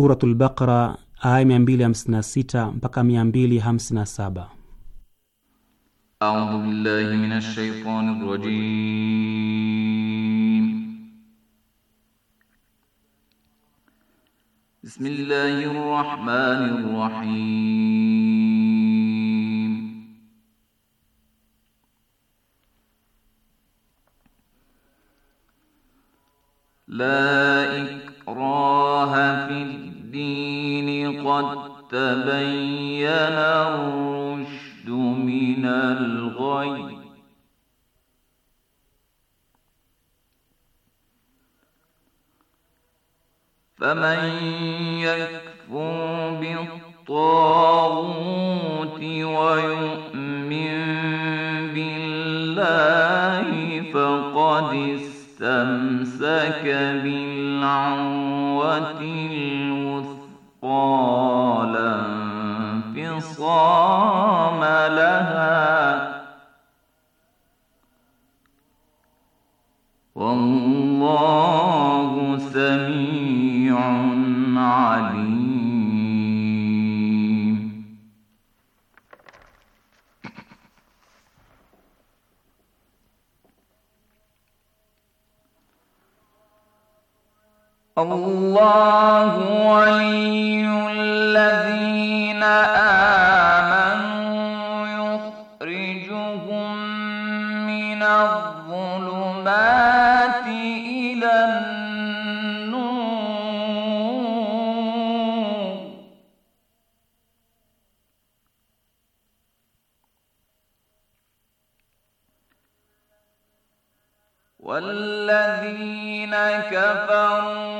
Suratul Baqara aya mia mbili hamsini na sita mpaka 257. A'udhu billahi minash shaitani rajim الغيب فمن يكفر بالطاغوت ويؤمن بالله فقد استمسك بالعروة الوثقى لا انفصام لها والله سميع عليم الله ولي الذين آمنوا والذين كفروا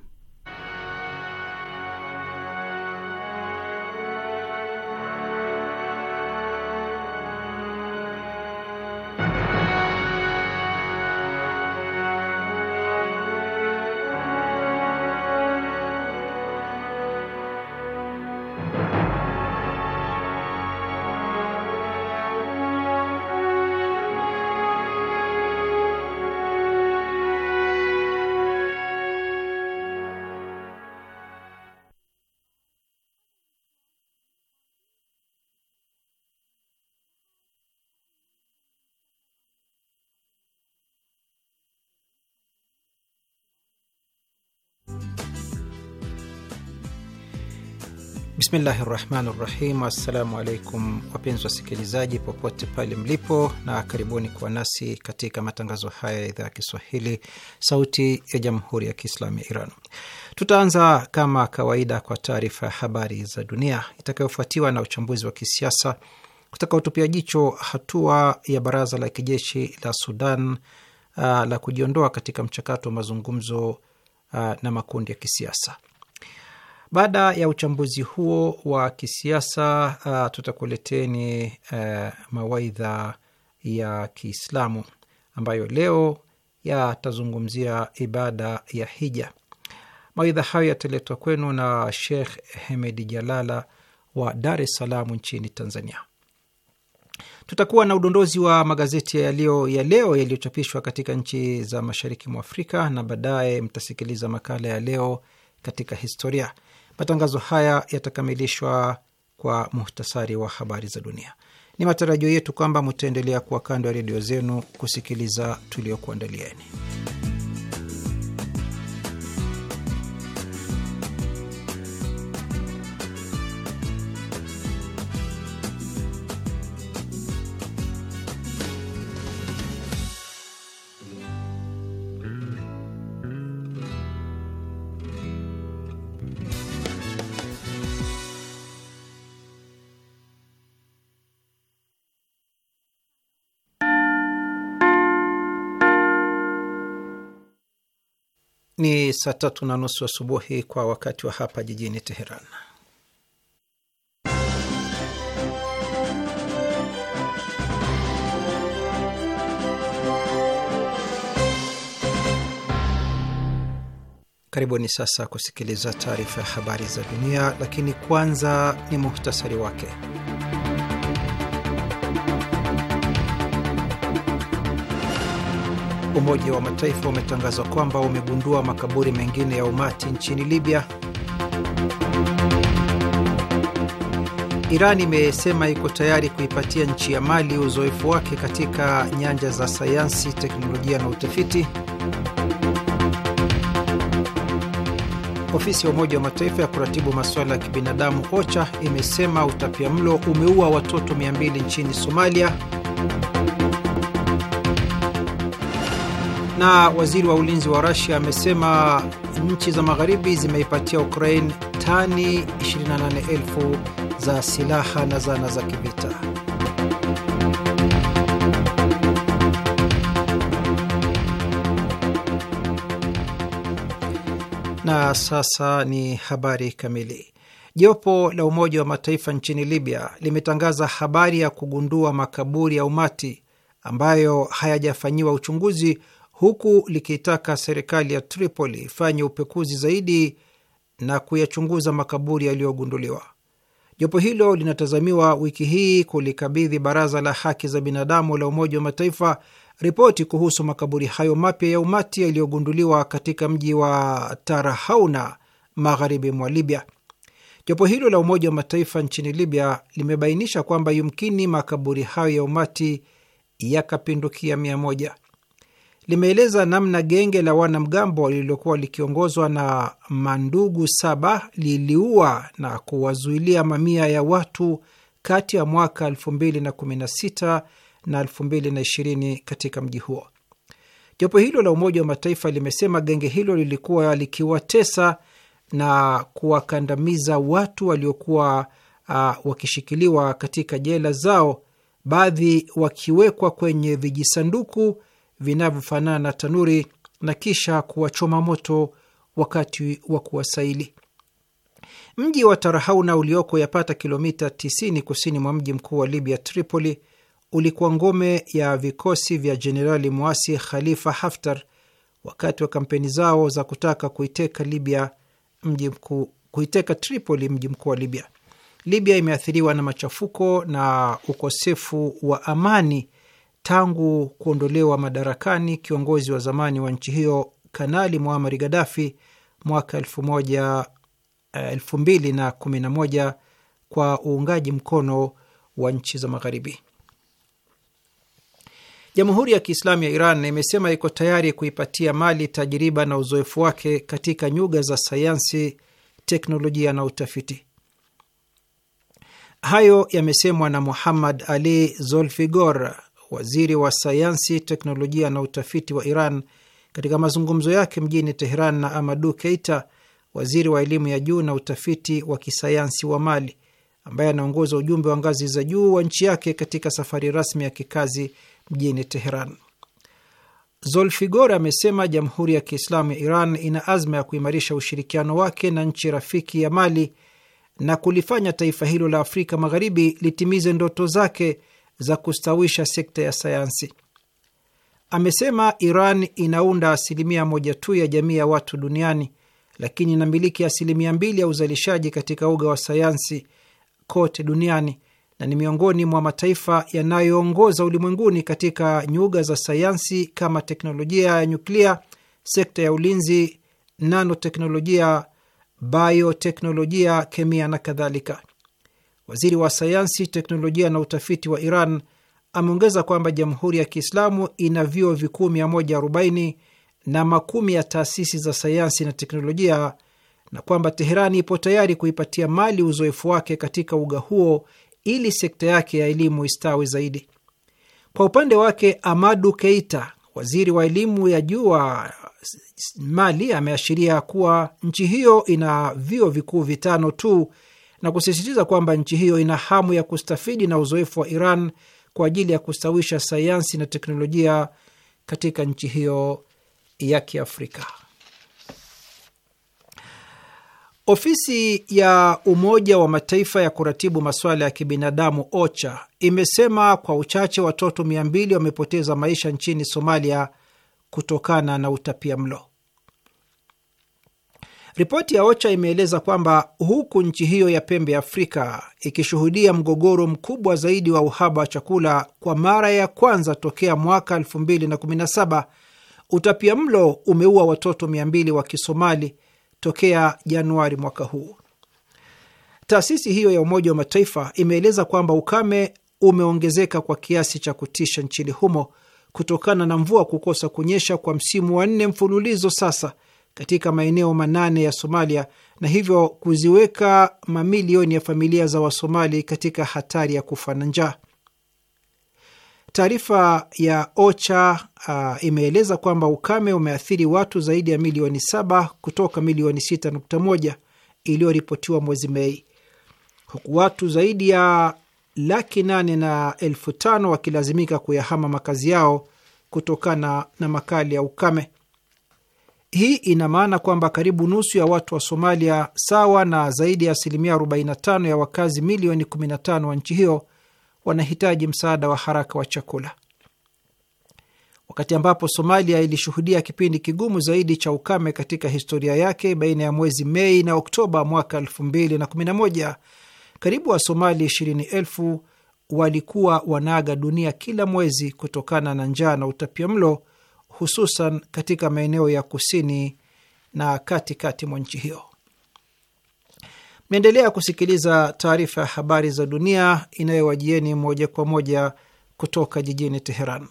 Bismillahi rahmani rahim. Assalamu alaikum wapenzi wasikilizaji popote pale mlipo, na karibuni kwa nasi katika matangazo haya ya idhaa ya Kiswahili sauti ya jamhuri ya Kiislamu ya Iran. Tutaanza kama kawaida kwa taarifa ya habari za dunia itakayofuatiwa na uchambuzi wa kisiasa kutakaotupia jicho hatua ya baraza la kijeshi la Sudan uh, la kujiondoa katika mchakato wa mazungumzo uh, na makundi ya kisiasa. Baada ya uchambuzi huo wa kisiasa uh, tutakuleteni uh, mawaidha ya Kiislamu ambayo leo yatazungumzia ibada ya hija. Mawaidha hayo yataletwa kwenu na Sheikh Hemedi Jalala wa Dar es Salaam nchini Tanzania. Tutakuwa na udondozi wa magazeti ya leo ya leo yaliyochapishwa katika nchi za mashariki mwa Afrika, na baadaye mtasikiliza makala ya leo katika historia. Matangazo haya yatakamilishwa kwa muhtasari wa habari za dunia. Ni matarajio yetu kwamba mutaendelea kuwa kando ya redio zenu kusikiliza tuliokuandalieni. saa tatu na nusu asubuhi kwa wakati wa hapa jijini Teheran. Karibuni sasa kusikiliza taarifa ya habari za dunia, lakini kwanza ni muhtasari wake. Umoja wa Mataifa umetangaza kwamba umegundua makaburi mengine ya umati nchini Libya. Iran imesema iko tayari kuipatia nchi ya Mali uzoefu wake katika nyanja za sayansi, teknolojia na utafiti. Ofisi ya Umoja wa Mataifa ya kuratibu masuala ya kibinadamu OCHA imesema utapia mlo umeua watoto 200 nchini Somalia na waziri wa ulinzi wa rasia amesema nchi za magharibi zimeipatia Ukraine tani 28,000 za silaha na zana za kivita. Na sasa ni habari kamili. Jopo la Umoja wa Mataifa nchini Libya limetangaza habari ya kugundua makaburi ya umati ambayo hayajafanyiwa uchunguzi huku likitaka serikali ya Tripoli ifanye upekuzi zaidi na kuyachunguza makaburi yaliyogunduliwa. Jopo hilo linatazamiwa wiki hii kulikabidhi Baraza la Haki za Binadamu la Umoja wa Mataifa ripoti kuhusu makaburi hayo mapya ya umati yaliyogunduliwa katika mji wa Tarahauna, magharibi mwa Libya. Jopo hilo la Umoja wa Mataifa nchini Libya limebainisha kwamba yumkini makaburi hayo ya umati yakapindukia mia moja limeeleza namna genge la wanamgambo lililokuwa likiongozwa na mandugu saba liliua na kuwazuilia mamia ya watu kati ya mwaka 2016 na 2020 katika mji huo. Jopo hilo la Umoja wa Mataifa limesema genge hilo lilikuwa likiwatesa na kuwakandamiza watu waliokuwa uh, wakishikiliwa katika jela zao, baadhi wakiwekwa kwenye vijisanduku vinavyofanana na tanuri na kisha kuwachoma moto wakati wa kuwasaili. Mji wa Tarhauna ulioko yapata kilomita 90 kusini mwa mji mkuu wa Libya, Tripoli, ulikuwa ngome ya vikosi vya jenerali mwasi Khalifa Haftar wakati wa kampeni zao za kutaka kuiteka Libya mji mkuu, kuiteka Tripoli, mji mkuu wa Libya. Libya imeathiriwa na machafuko na ukosefu wa amani tangu kuondolewa madarakani kiongozi wa zamani wa nchi hiyo Kanali Muamari Gadafi mwaka 2011 eh, kwa uungaji mkono wa nchi za Magharibi. Jamhuri ya Kiislamu ya Iran imesema iko tayari kuipatia Mali tajiriba na uzoefu wake katika nyuga za sayansi, teknolojia na utafiti. Hayo yamesemwa na Muhammad Ali Zolfigor, waziri wa sayansi, teknolojia na utafiti wa Iran, katika mazungumzo yake mjini Teheran na Amadu Keita, waziri wa elimu ya juu na utafiti wa kisayansi wa Mali, ambaye anaongoza ujumbe wa ngazi za juu wa nchi yake katika safari rasmi ya kikazi mjini Teheran. Zolfigor amesema Jamhuri ya Kiislamu ya Iran ina azma ya kuimarisha ushirikiano wake na nchi rafiki ya Mali na kulifanya taifa hilo la Afrika Magharibi litimize ndoto zake za kustawisha sekta ya sayansi. Amesema Iran inaunda asilimia moja tu ya jamii ya watu duniani, lakini inamiliki asilimia mbili ya uzalishaji katika uga wa sayansi kote duniani na ni miongoni mwa mataifa yanayoongoza ulimwenguni katika nyuga za sayansi kama teknolojia ya nyuklia, sekta ya ulinzi, nanoteknolojia, bioteknolojia, kemia na kadhalika. Waziri wa sayansi, teknolojia na utafiti wa Iran ameongeza kwamba Jamhuri ya Kiislamu ina vyuo vikuu 140 na makumi ya taasisi za sayansi na teknolojia na kwamba Teherani ipo tayari kuipatia Mali uzoefu wake katika uga huo ili sekta yake ya elimu istawi zaidi. Kwa upande wake, Amadu Keita, waziri wa elimu ya juu wa Mali, ameashiria kuwa nchi hiyo ina vyuo vikuu vitano tu na kusisitiza kwamba nchi hiyo ina hamu ya kustafidi na uzoefu wa Iran kwa ajili ya kustawisha sayansi na teknolojia katika nchi hiyo ya Kiafrika. Ofisi ya Umoja wa Mataifa ya kuratibu masuala ya kibinadamu OCHA imesema kwa uchache watoto 200 wamepoteza maisha nchini Somalia kutokana na utapia mlo. Ripoti ya OCHA imeeleza kwamba huku nchi hiyo ya pembe ya Afrika ikishuhudia mgogoro mkubwa zaidi wa uhaba wa chakula kwa mara ya kwanza tokea mwaka 2017 utapia mlo umeua watoto 200 wa Kisomali tokea Januari mwaka huu. Taasisi hiyo ya Umoja wa Mataifa imeeleza kwamba ukame umeongezeka kwa kiasi cha kutisha nchini humo kutokana na mvua kukosa kunyesha kwa msimu wa nne mfululizo sasa katika maeneo manane ya Somalia na hivyo kuziweka mamilioni ya familia za Wasomali katika hatari ya kufa na njaa. Taarifa ya OCHA uh, imeeleza kwamba ukame umeathiri watu zaidi ya milioni saba kutoka milioni moja iliyoripotiwa mwezi Mei, huku watu zaidi ya laki nane na elfu tano wakilazimika kuyahama makazi yao kutokana na makali ya ukame. Hii ina maana kwamba karibu nusu ya watu wa Somalia, sawa na zaidi ya asilimia 45 ya wakazi milioni 15 wa nchi hiyo, wanahitaji msaada wa haraka wa chakula. Wakati ambapo Somalia ilishuhudia kipindi kigumu zaidi cha ukame katika historia yake baina ya mwezi Mei na Oktoba mwaka 2011, karibu Wasomali 20,000 walikuwa wanaaga dunia kila mwezi kutokana na njaa na utapia mlo hususan katika maeneo ya kusini na katikati mwa nchi hiyo. Mnaendelea kusikiliza taarifa ya habari za dunia inayowajieni moja kwa moja kutoka jijini Teheran.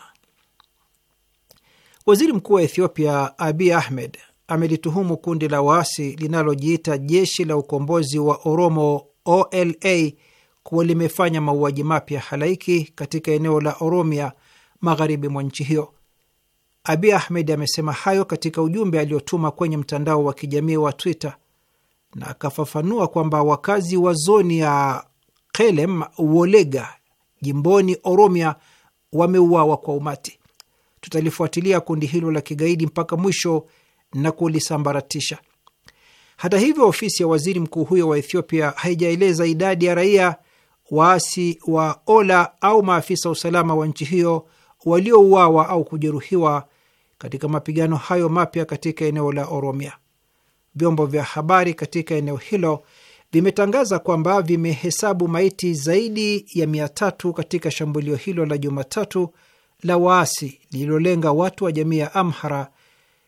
Waziri mkuu wa Ethiopia Abiy Ahmed amelituhumu kundi la waasi linalojiita jeshi la ukombozi wa Oromo OLA kuwa limefanya mauaji mapya halaiki katika eneo la Oromia magharibi mwa nchi hiyo. Abi Ahmed amesema hayo katika ujumbe aliotuma kwenye mtandao wa kijamii wa Twitter na akafafanua kwamba wakazi wa zoni ya Kelem Wolega jimboni Oromia wameuawa kwa umati. Tutalifuatilia kundi hilo la kigaidi mpaka mwisho na kulisambaratisha. Hata hivyo, ofisi ya waziri mkuu huyo wa Ethiopia haijaeleza idadi ya raia waasi wa Ola au maafisa usalama wa nchi hiyo waliouawa au kujeruhiwa katika mapigano hayo mapya katika eneo la Oromia. Vyombo vya habari katika eneo hilo vimetangaza kwamba vimehesabu maiti zaidi ya mia tatu katika shambulio hilo la Jumatatu la waasi lililolenga watu wa jamii ya Amhara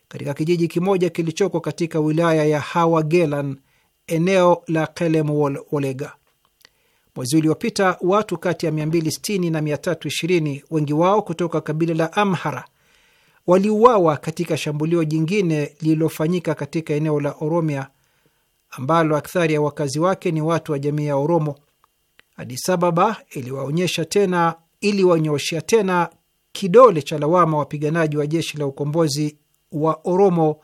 katika kijiji kimoja kilichoko katika wilaya ya Hawagelan, eneo la Kelem Wolega. Mwezi uliopita watu kati ya 260 na 320, wengi wao kutoka kabila la Amhara, waliuawa katika shambulio jingine lililofanyika katika eneo la Oromia ambalo akthari ya wakazi wake ni watu wa jamii ya Oromo. Addis Ababa iliwaonyesha tena iliwanyoshea tena kidole cha lawama wapiganaji wa jeshi la ukombozi wa Oromo,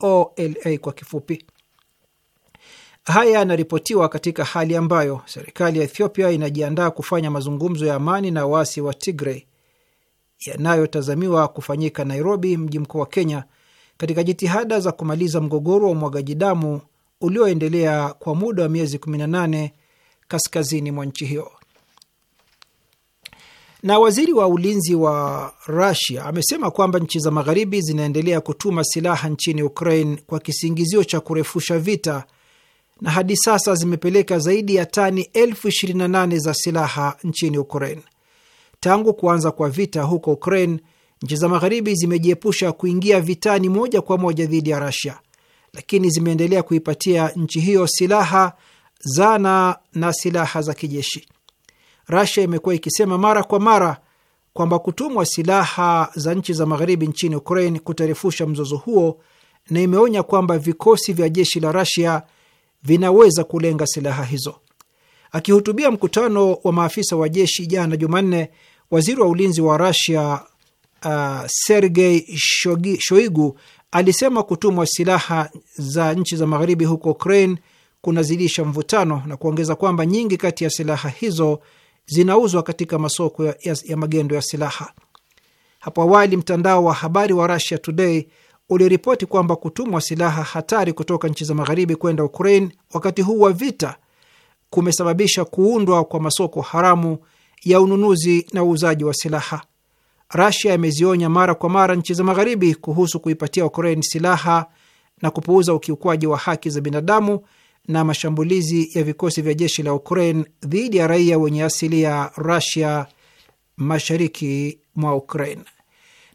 OLA kwa kifupi. Haya yanaripotiwa katika hali ambayo serikali ya Ethiopia inajiandaa kufanya mazungumzo ya amani na waasi wa Tigray yanayotazamiwa kufanyika Nairobi, mji mkuu wa Kenya, katika jitihada za kumaliza mgogoro wa umwagaji damu ulioendelea kwa muda wa miezi 18 kaskazini mwa nchi hiyo. Na waziri wa ulinzi wa Russia amesema kwamba nchi za magharibi zinaendelea kutuma silaha nchini Ukraine kwa kisingizio cha kurefusha vita na hadi sasa zimepeleka zaidi ya tani elfu 28 za silaha nchini Ukraine. Tangu kuanza kwa vita huko Ukraine, nchi za Magharibi zimejiepusha kuingia vitani moja kwa moja dhidi ya Rasia, lakini zimeendelea kuipatia nchi hiyo silaha, zana na silaha za kijeshi. Rasia imekuwa ikisema mara kwa mara kwamba kutumwa silaha za nchi za Magharibi nchini Ukraine kutarefusha mzozo huo, na imeonya kwamba vikosi vya jeshi la Rasia vinaweza kulenga silaha hizo. Akihutubia mkutano wa maafisa wa jeshi jana Jumanne, waziri wa ulinzi wa Rasia uh, Sergei Shoigu alisema kutumwa silaha za nchi za magharibi huko Ukraine kunazidisha mvutano na kuongeza kwamba nyingi kati ya silaha hizo zinauzwa katika masoko ya, ya, ya magendo ya silaha. Hapo awali mtandao wa habari wa Russia Today uliripoti kwamba kutumwa silaha hatari kutoka nchi za magharibi kwenda Ukraine wakati huu wa vita kumesababisha kuundwa kwa masoko haramu ya ununuzi na uuzaji wa silaha. Rasia imezionya mara kwa mara nchi za magharibi kuhusu kuipatia Ukraine silaha na kupuuza ukiukwaji wa haki za binadamu na mashambulizi ya vikosi vya jeshi la Ukraine dhidi ya raia wenye asili ya Rasia mashariki mwa Ukraine.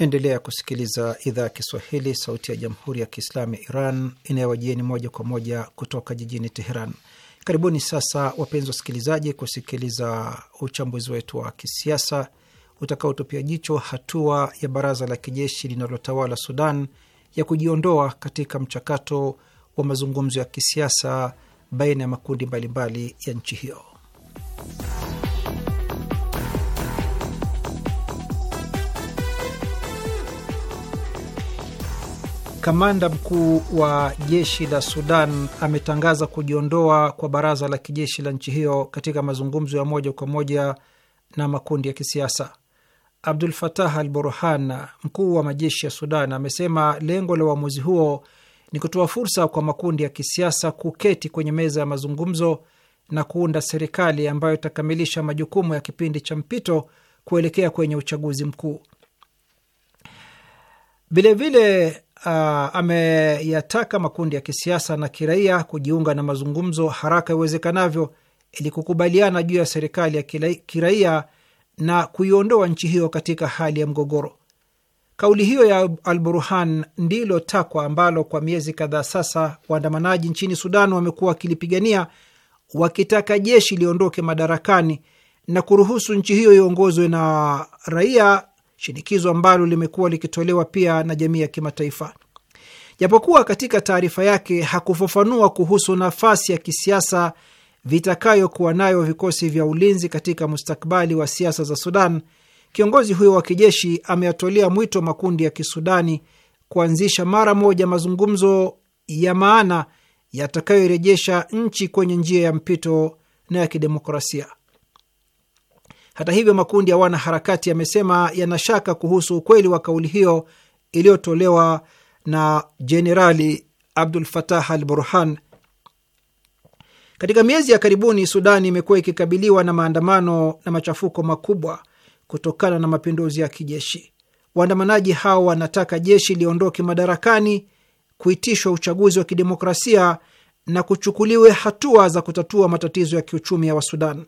Naendelea kusikiliza idhaa ya Kiswahili, sauti ya jamhuri ya kiislamu ya Iran inayowajieni moja kwa moja kutoka jijini Teheran. Karibuni sasa, wapenzi wasikilizaji, kusikiliza uchambuzi wetu wa kisiasa utakaotupia jicho hatua ya baraza la kijeshi linalotawala Sudan ya kujiondoa katika mchakato wa mazungumzo ya kisiasa baina ya makundi mbalimbali ya nchi hiyo. Kamanda mkuu wa jeshi la Sudan ametangaza kujiondoa kwa baraza la kijeshi la nchi hiyo katika mazungumzo ya moja kwa moja na makundi ya kisiasa. Abdul Fatah Al Burhan, mkuu wa majeshi ya Sudan, amesema lengo la uamuzi huo ni kutoa fursa kwa makundi ya kisiasa kuketi kwenye meza ya mazungumzo na kuunda serikali ambayo itakamilisha majukumu ya kipindi cha mpito kuelekea kwenye uchaguzi mkuu. Vilevile uh, ameyataka makundi ya kisiasa na kiraia kujiunga na mazungumzo haraka iwezekanavyo ili kukubaliana juu ya serikali ya kiraia na kuiondoa nchi hiyo katika hali ya mgogoro. Kauli hiyo ya Al Burhan ndilo takwa ambalo kwa miezi kadhaa sasa waandamanaji nchini Sudan wamekuwa wakilipigania wakitaka jeshi liondoke madarakani na kuruhusu nchi hiyo iongozwe na raia shinikizo ambalo limekuwa likitolewa pia na jamii ya kimataifa. Japokuwa katika taarifa yake hakufafanua kuhusu nafasi ya kisiasa vitakayokuwa nayo vikosi vya ulinzi katika mustakabali wa siasa za Sudan, kiongozi huyo wa kijeshi ameyatolea mwito makundi ya kisudani kuanzisha mara moja mazungumzo ya maana yatakayorejesha nchi kwenye njia ya mpito na ya kidemokrasia. Hata hivyo, makundi ya wanaharakati yamesema yanashaka kuhusu ukweli wa kauli hiyo iliyotolewa na Jenerali Abdul Fatah al Burhan. Katika miezi ya karibuni, Sudani imekuwa ikikabiliwa na maandamano na machafuko makubwa kutokana na mapinduzi ya kijeshi. Waandamanaji hao wanataka jeshi liondoke madarakani, kuitishwa uchaguzi wa kidemokrasia na kuchukuliwe hatua za kutatua matatizo ya kiuchumi ya Wasudan.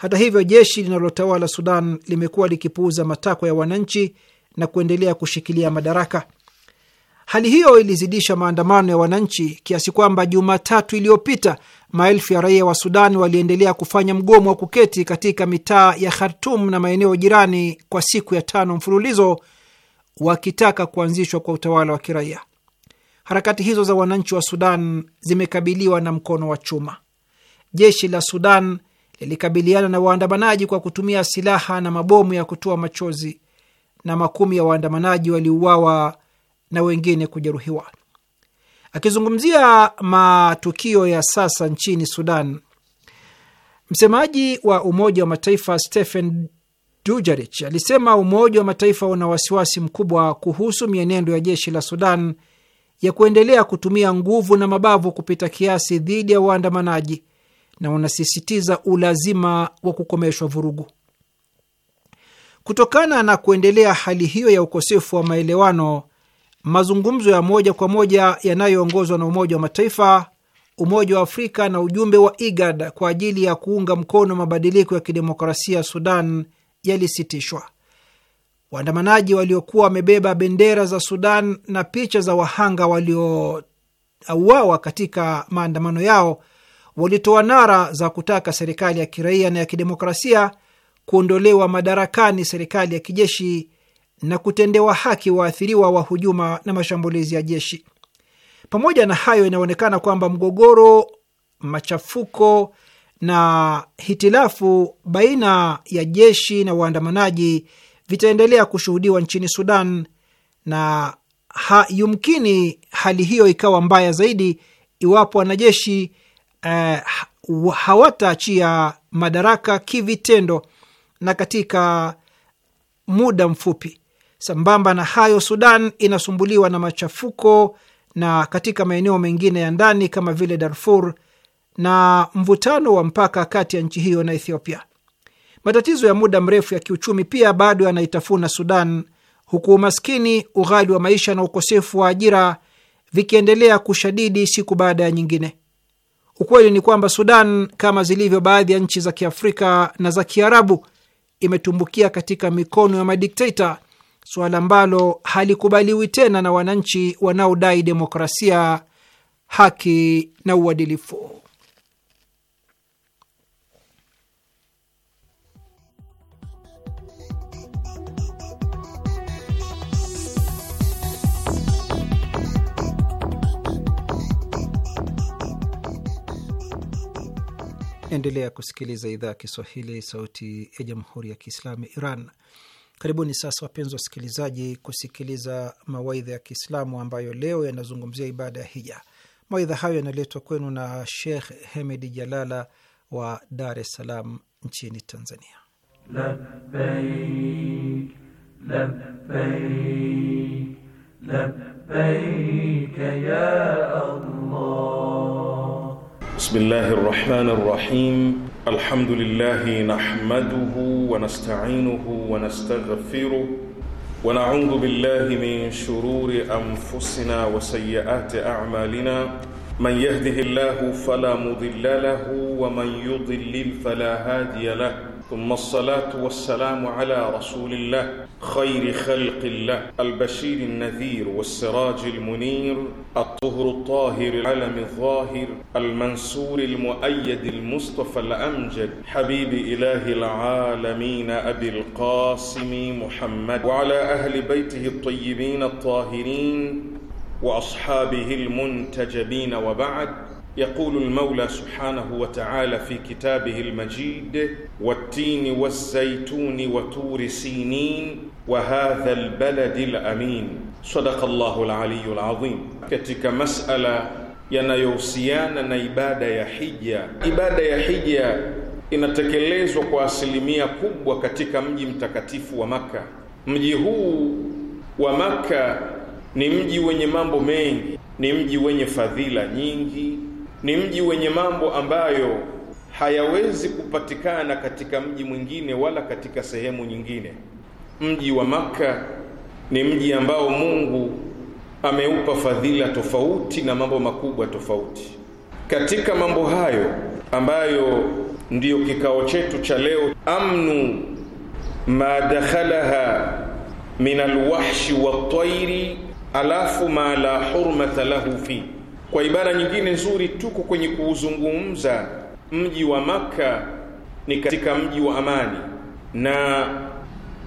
Hata hivyo, jeshi linalotawala Sudan limekuwa likipuuza matakwa ya wananchi na kuendelea kushikilia madaraka. Hali hiyo ilizidisha maandamano ya wananchi kiasi kwamba Jumatatu iliyopita maelfu ya raia wa Sudan waliendelea kufanya mgomo wa kuketi katika mitaa ya Khartum na maeneo jirani kwa siku ya tano mfululizo wakitaka kuanzishwa kwa utawala wa kiraia. Harakati hizo za wananchi wa Sudan zimekabiliwa na mkono wa chuma. Jeshi la Sudan lilikabiliana na waandamanaji kwa kutumia silaha na mabomu ya kutoa machozi na makumi ya waandamanaji waliuawa na wengine kujeruhiwa. Akizungumzia matukio ya sasa nchini Sudan, msemaji wa Umoja wa Mataifa Stephen Dujarich alisema Umoja wa Mataifa una wasiwasi mkubwa kuhusu mienendo ya jeshi la Sudan ya kuendelea kutumia nguvu na mabavu kupita kiasi dhidi ya waandamanaji na wanasisitiza ulazima wa kukomeshwa vurugu. Kutokana na kuendelea hali hiyo ya ukosefu wa maelewano, mazungumzo ya moja kwa moja yanayoongozwa na Umoja wa Mataifa, Umoja wa Afrika na ujumbe wa IGAD kwa ajili ya kuunga mkono mabadiliko ya kidemokrasia Sudan yalisitishwa. Waandamanaji waliokuwa wamebeba bendera za Sudan na picha za wahanga waliouawa katika maandamano yao walitoa nara za kutaka serikali ya kiraia na ya kidemokrasia kuondolewa madarakani serikali ya kijeshi na kutendewa haki waathiriwa wa hujuma na mashambulizi ya jeshi. Pamoja na hayo, inaonekana kwamba mgogoro, machafuko na hitilafu baina ya jeshi na waandamanaji vitaendelea kushuhudiwa nchini Sudan na ha, yumkini hali hiyo ikawa mbaya zaidi iwapo wanajeshi eh, hawataachia madaraka kivitendo na katika muda mfupi. Sambamba na hayo, Sudan inasumbuliwa na machafuko na katika maeneo mengine ya ndani kama vile Darfur na mvutano wa mpaka kati ya nchi hiyo na Ethiopia. Matatizo ya muda mrefu ya kiuchumi pia bado yanaitafuna Sudan, huku umaskini, ughali wa maisha na ukosefu wa ajira vikiendelea kushadidi siku baada ya nyingine. Ukweli ni kwamba Sudan kama zilivyo baadhi ya nchi za Kiafrika na za Kiarabu imetumbukia katika mikono ya madikteta, suala ambalo halikubaliwi tena na wananchi wanaodai demokrasia, haki na uadilifu. Naendelea kusikiliza idhaa ya Kiswahili, sauti ya jamhuri ya kiislamu Iran. Karibuni sasa wapenzi wasikilizaji, kusikiliza mawaidha ya Kiislamu ambayo leo yanazungumzia ibada ya hija. Mawaidha hayo yanaletwa kwenu na Shekh Hemedi Jalala wa Dar es Salaam nchini Tanzania. Labbaik, labbaik, labbaik ya Allah بسم الله الرحمن الرحيم الحمد لله نحمده ونستعينه ونستغفره ونعوذ بالله من شرور أنفسنا وسيئات أعمالنا من يهده الله فلا مضل له ومن يضلل فلا هادي له ثم الصلاة والسلام على رسول الله خير خلق الله البشير النذير والسراج المنير الطهر الطاهر العلم الظاهر المنصور المؤيد المصطفى الأمجد حبيب إله العالمين أبي القاسم محمد وعلى أهل بيته الطيبين الطاهرين وأصحابه المنتجبين وبعد يقول المولى سبحانه وتعالى في كتابه المجيد والتين والزيتون وتور سينين وهذا البلد الأمين صدق الله العلي العظيم katika masala yanayohusiana na ibada ya hija ibada ya hija inatekelezwa kwa asilimia kubwa katika mji mtakatifu wa Maka mji huu wa Maka ni mji wenye mambo mengi ni mji wenye fadhila nyingi ni mji wenye mambo ambayo hayawezi kupatikana katika mji mwingine wala katika sehemu nyingine. Mji wa Makka ni mji ambao Mungu ameupa fadhila tofauti na mambo makubwa tofauti. Katika mambo hayo ambayo ndiyo kikao chetu cha leo, amnu ma dakhalaha min alwahshi watairi alafu ma la hurmata lahu fihi kwa ibara nyingine nzuri, tuko kwenye kuuzungumza mji wa Makka ni katika mji wa amani, na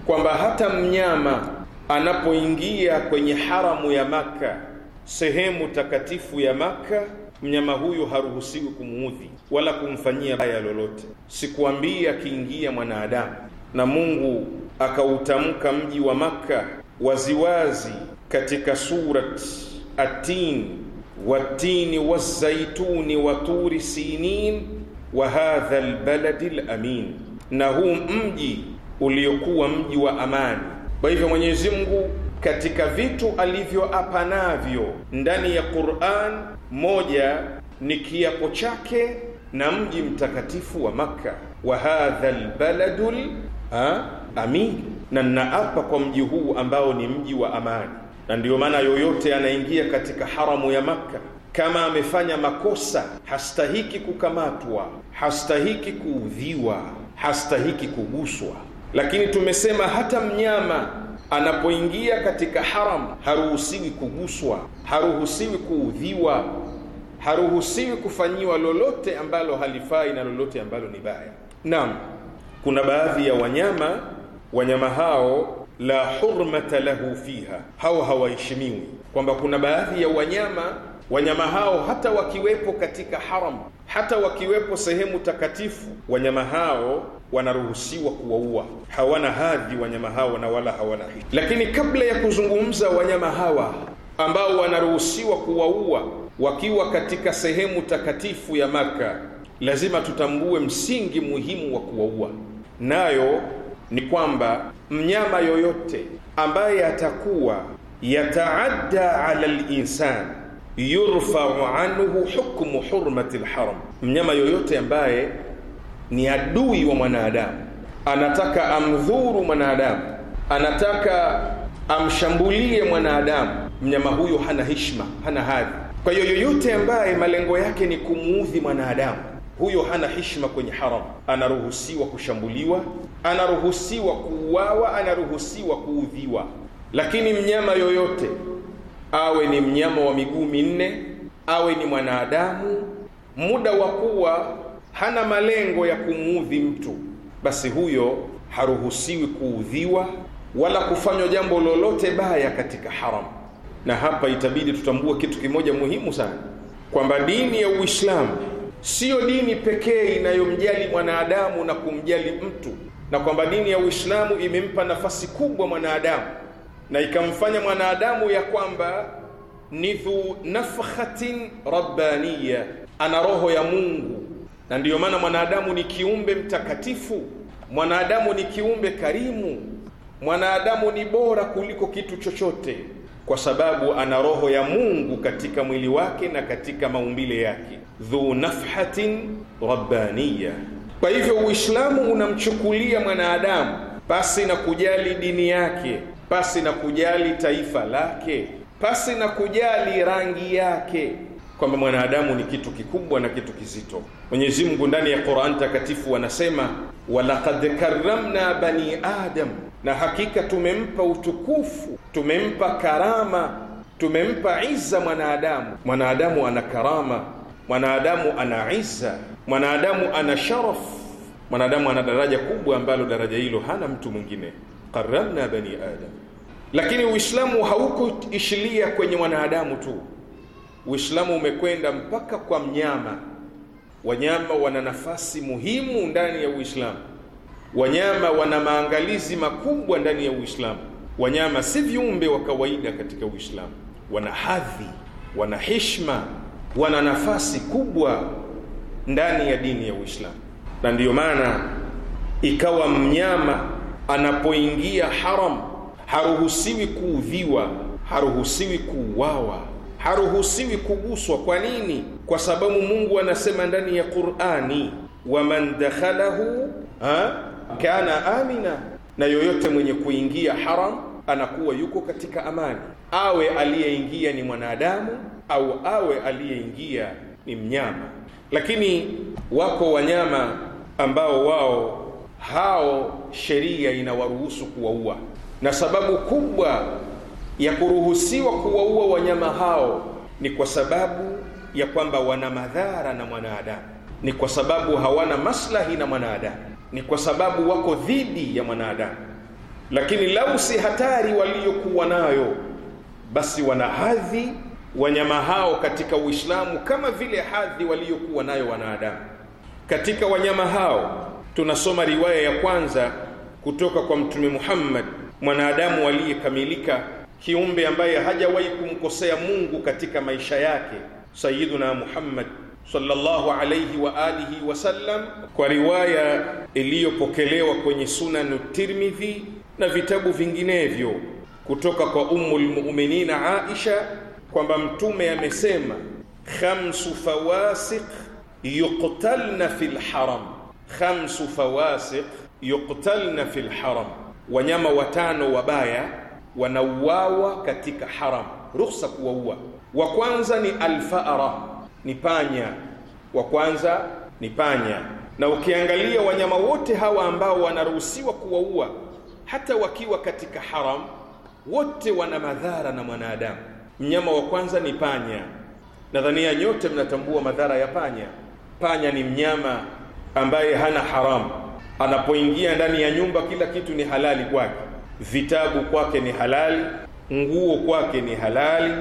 kwamba hata mnyama anapoingia kwenye haramu ya Makka, sehemu takatifu ya Makka, mnyama huyu haruhusiwi kumuudhi wala kumfanyia baya lolote. Sikuambia akiingia mwanadamu. Na Mungu akautamka mji wa Makka waziwazi katika Surat Atin wa turi sinin wa hadha lbaladi lamin, na huu mji uliokuwa mji wa amani. Kwa hivyo Mwenyezi Mungu katika vitu alivyoapa navyo ndani ya Qur'an, moja ni kiapo chake na mji mtakatifu wa Makka, wa hadha lbaladu lamin, na ninaapa kwa mji huu ambao ni mji wa amani na ndiyo maana yoyote anaingia katika haramu ya Makka kama amefanya makosa, hastahiki kukamatwa, hastahiki kuudhiwa, hastahiki kuguswa. Lakini tumesema hata mnyama anapoingia katika haramu haruhusiwi kuguswa, haruhusiwi kuudhiwa, haruhusiwi kufanyiwa lolote ambalo halifai na lolote ambalo ni baya. Naam, kuna baadhi ya wanyama, wanyama hao la hurmata lahu fiha, hao hawaheshimiwi, kwamba kuna baadhi ya wanyama wanyama hao hata wakiwepo katika haram, hata wakiwepo sehemu takatifu, wanyama hao wanaruhusiwa kuwaua. Hawana hadhi wanyama hao na wala hawana hii. Lakini kabla ya kuzungumza wanyama hawa ambao wanaruhusiwa kuwaua wakiwa katika sehemu takatifu ya Maka, lazima tutambue msingi muhimu wa kuwaua, nayo ni kwamba mnyama yoyote ambaye atakuwa yataadda ala linsan yurfau anhu hukmu hurmati lharam, mnyama yoyote ambaye ni adui wa mwanadamu, anataka amdhuru mwanadamu, anataka amshambulie mwanadamu, mnyama huyo hana hishma, hana hadhi. Kwa hiyo yoyote ambaye malengo yake ni kumuudhi mwanadamu, huyo hana hishma kwenye haram, anaruhusiwa kushambuliwa anaruhusiwa kuuawa, anaruhusiwa kuudhiwa. Lakini mnyama yoyote, awe ni mnyama wa miguu minne, awe ni mwanadamu, muda wa kuwa hana malengo ya kumuudhi mtu, basi huyo haruhusiwi kuudhiwa wala kufanywa jambo lolote baya katika haram. Na hapa itabidi tutambue kitu kimoja muhimu sana, kwamba dini ya Uislamu siyo dini pekee inayomjali mwanadamu na kumjali mtu na kwamba dini ya Uislamu imempa nafasi kubwa mwanadamu na ikamfanya mwanadamu ya kwamba ni dhu nafhatin rabbaniya, ana roho ya Mungu. Na ndiyo maana mwanadamu ni kiumbe mtakatifu, mwanadamu ni kiumbe karimu, mwanadamu ni bora kuliko kitu chochote, kwa sababu ana roho ya Mungu katika mwili wake na katika maumbile yake. Dhu nafhatin rabbaniya kwa hivyo Uislamu unamchukulia mwanadamu pasi na kujali dini yake, pasi na kujali taifa lake, pasi na kujali rangi yake, kwamba mwanadamu ni kitu kikubwa na kitu kizito. Mwenyezi Mungu ndani ya Qur'an takatifu wanasema walaqad karramna bani adam, na hakika tumempa utukufu, tumempa karama, tumempa iza mwanadamu. Mwanadamu ana karama, mwanadamu ana iza mwanadamu ana sharaf mwanadamu ana daraja kubwa ambalo daraja hilo hana mtu mwingine karamna bani adam lakini uislamu haukuishilia kwenye mwanadamu tu uislamu umekwenda mpaka kwa mnyama wanyama wana nafasi muhimu ndani ya uislamu wanyama wana maangalizi makubwa ndani ya uislamu wanyama si viumbe wa kawaida katika uislamu wana hadhi wana heshima wana nafasi kubwa ndani ya dini ya Uislamu, na ndiyo maana ikawa mnyama anapoingia haram haruhusiwi kuudhiwa, haruhusiwi kuuawa, haruhusiwi kuguswa. Kwa nini? Kwa sababu Mungu anasema ndani ya Qur'ani, waman dakhalahu kana amina, na yoyote mwenye kuingia haram anakuwa yuko katika amani, awe aliyeingia ni mwanadamu au awe aliyeingia ni mnyama. Lakini wako wanyama ambao wao hao sheria inawaruhusu kuwaua, na sababu kubwa ya kuruhusiwa kuwaua wanyama hao ni kwa sababu ya kwamba wana madhara na mwanadamu, ni kwa sababu hawana maslahi na mwanadamu, ni kwa sababu wako dhidi ya mwanadamu. Lakini lau si hatari waliyokuwa nayo, basi wana hadhi wanyama hao katika Uislamu kama vile hadhi waliyokuwa nayo wanadamu. Katika wanyama hao tunasoma riwaya ya kwanza kutoka kwa Mtume Muhammad, mwanadamu aliyekamilika, kiumbe ambaye hajawahi kumkosea Mungu katika maisha yake, Sayyiduna Muhammad sallallahu alayhi wa alihi sallam, kwa riwaya iliyopokelewa kwenye Sunanu Tirmidhi na vitabu vinginevyo kutoka kwa Ummul Mu'minin Aisha kwamba mtume amesema khamsu fawasiq yuqtalna fi lharam khamsu fawasiq yuqtalna fil haram, wanyama watano wabaya wanauawa katika haram, ruhusa kuwaua. Wa kwanza ni alfara ni panya. Wa kwanza ni panya, na ukiangalia wanyama wote hawa ambao wanaruhusiwa kuwaua hata wakiwa katika haram, wote wana madhara na mwanadamu. Mnyama wa kwanza ni panya. Nadhania nyote mnatambua madhara ya panya. Panya ni mnyama ambaye hana haramu, anapoingia ndani ya nyumba kila kitu ni halali kwake. Vitabu kwake ni halali, nguo kwake ni halali,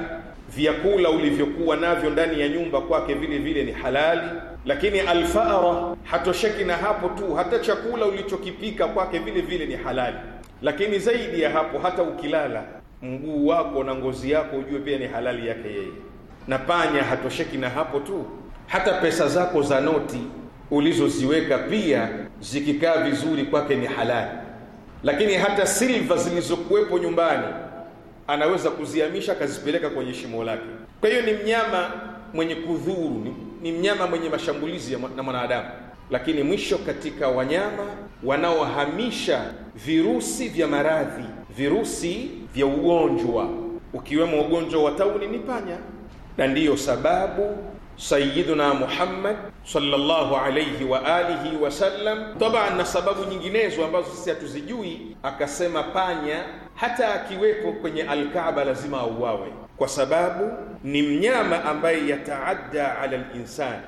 vyakula ulivyokuwa navyo ndani ya nyumba kwake vile vile ni halali. Lakini alfara hatosheki na hapo tu, hata chakula ulichokipika kwake vile vile ni halali. Lakini zaidi ya hapo, hata ukilala mguu wako na ngozi yako ujue pia ni halali yake yeye. Na panya hatosheki na hapo tu, hata pesa zako za noti ulizoziweka pia zikikaa vizuri kwake ni halali. Lakini hata silva zilizokuwepo nyumbani anaweza kuzihamisha akazipeleka kwenye shimo lake. Kwa hiyo ni mnyama mwenye kudhuru, ni, ni mnyama mwenye mashambulizi na mwanadamu. Lakini mwisho katika wanyama wanaohamisha virusi vya maradhi, virusi vya ugonjwa ukiwemo ugonjwa wa tauni ni panya, na ndiyo sababu Sayyiduna Muhammad sallallahu alayhi wa alihi wasallam, taban na sababu nyinginezo ambazo sisi hatuzijui, akasema panya hata akiwepo kwenye Alkaaba lazima auawe, kwa sababu ni mnyama ambaye yataadda ala linsani,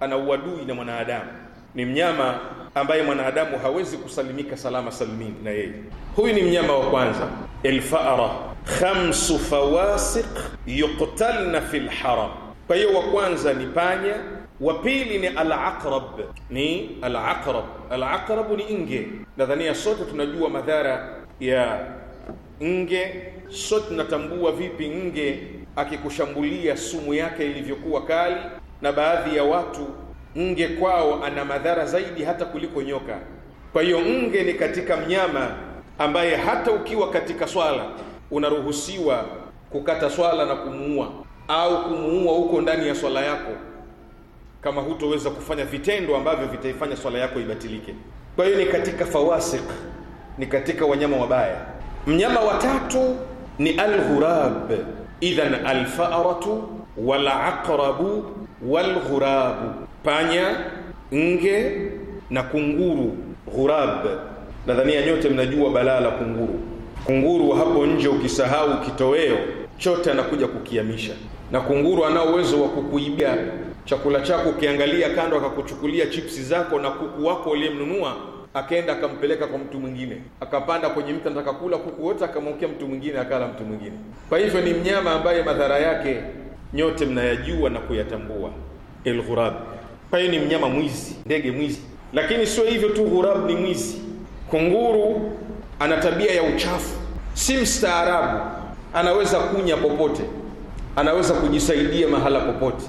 ana uadui na mwanadamu ni mnyama ambaye mwanadamu hawezi kusalimika salama salimini na yeye. Huyu ni mnyama wa kwanza alfara, khamsu fawasiq yuqtalna fi lharam. Kwa hiyo wa kwanza ni panya, wa pili ni alaqrab, ni alaqrab. Alaqrab ni nge. Nadhania sote tunajua madhara ya nge, sote tunatambua vipi nge akikushambulia sumu yake ilivyokuwa kali, na baadhi ya watu Nge kwao ana madhara zaidi hata kuliko nyoka. Kwa hiyo nge ni katika mnyama ambaye hata ukiwa katika swala unaruhusiwa kukata swala na kumuua au kumuua huko ndani ya swala yako, kama hutoweza kufanya vitendo ambavyo vitaifanya swala yako ibatilike. Kwa hiyo ni katika fawasik, ni katika wanyama wabaya. Mnyama watatu ni alghurab. Idhan alfaratu walaqrabu walghurabu panya, nge na kunguru, ghurab. Nadhania nyote mnajua balaa la kunguru. Kunguru hapo nje ukisahau kitoweo chote anakuja kukiamisha, na kunguru ana uwezo wa kukuibia chakula chako. Ukiangalia kando, akakuchukulia chipsi zako na kuku wako uliyemnunua, akaenda akampeleka kwa mtu mwingine, akapanda kwenye mti, anataka kula kuku wote, akamwokea mtu mwingine, akala mtu mwingine. Kwa hivyo ni mnyama ambaye madhara yake nyote mnayajua na kuyatambua, el kwa hiyo ni mnyama mwizi, ndege mwizi. Lakini sio hivyo tu, ghurab ni mwizi. Kunguru ana tabia ya uchafu, si mstaarabu, anaweza kunya popote, anaweza kujisaidia mahala popote.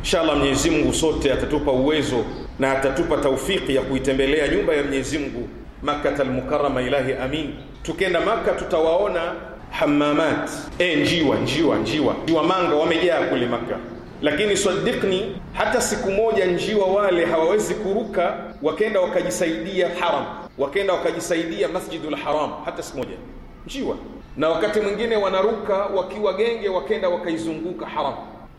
Inshallah, Mwenyezi Mungu sote atatupa uwezo na atatupa taufiki ya kuitembelea nyumba ya Mwenyezi Mungu Makkah al-Mukarrama, ilahi amin. Tukenda makka tutawaona hamamat, e, eh, njiwa njiwa njiwa, njiwa manga wamejaa kule makka lakini swadikni, hata siku moja njiwa wale hawawezi kuruka wakenda wakajisaidia haram, wakenda wakajisaidia masjidul haram, hata siku moja njiwa. Na wakati mwingine wanaruka wakiwa genge, wakenda wakaizunguka haram,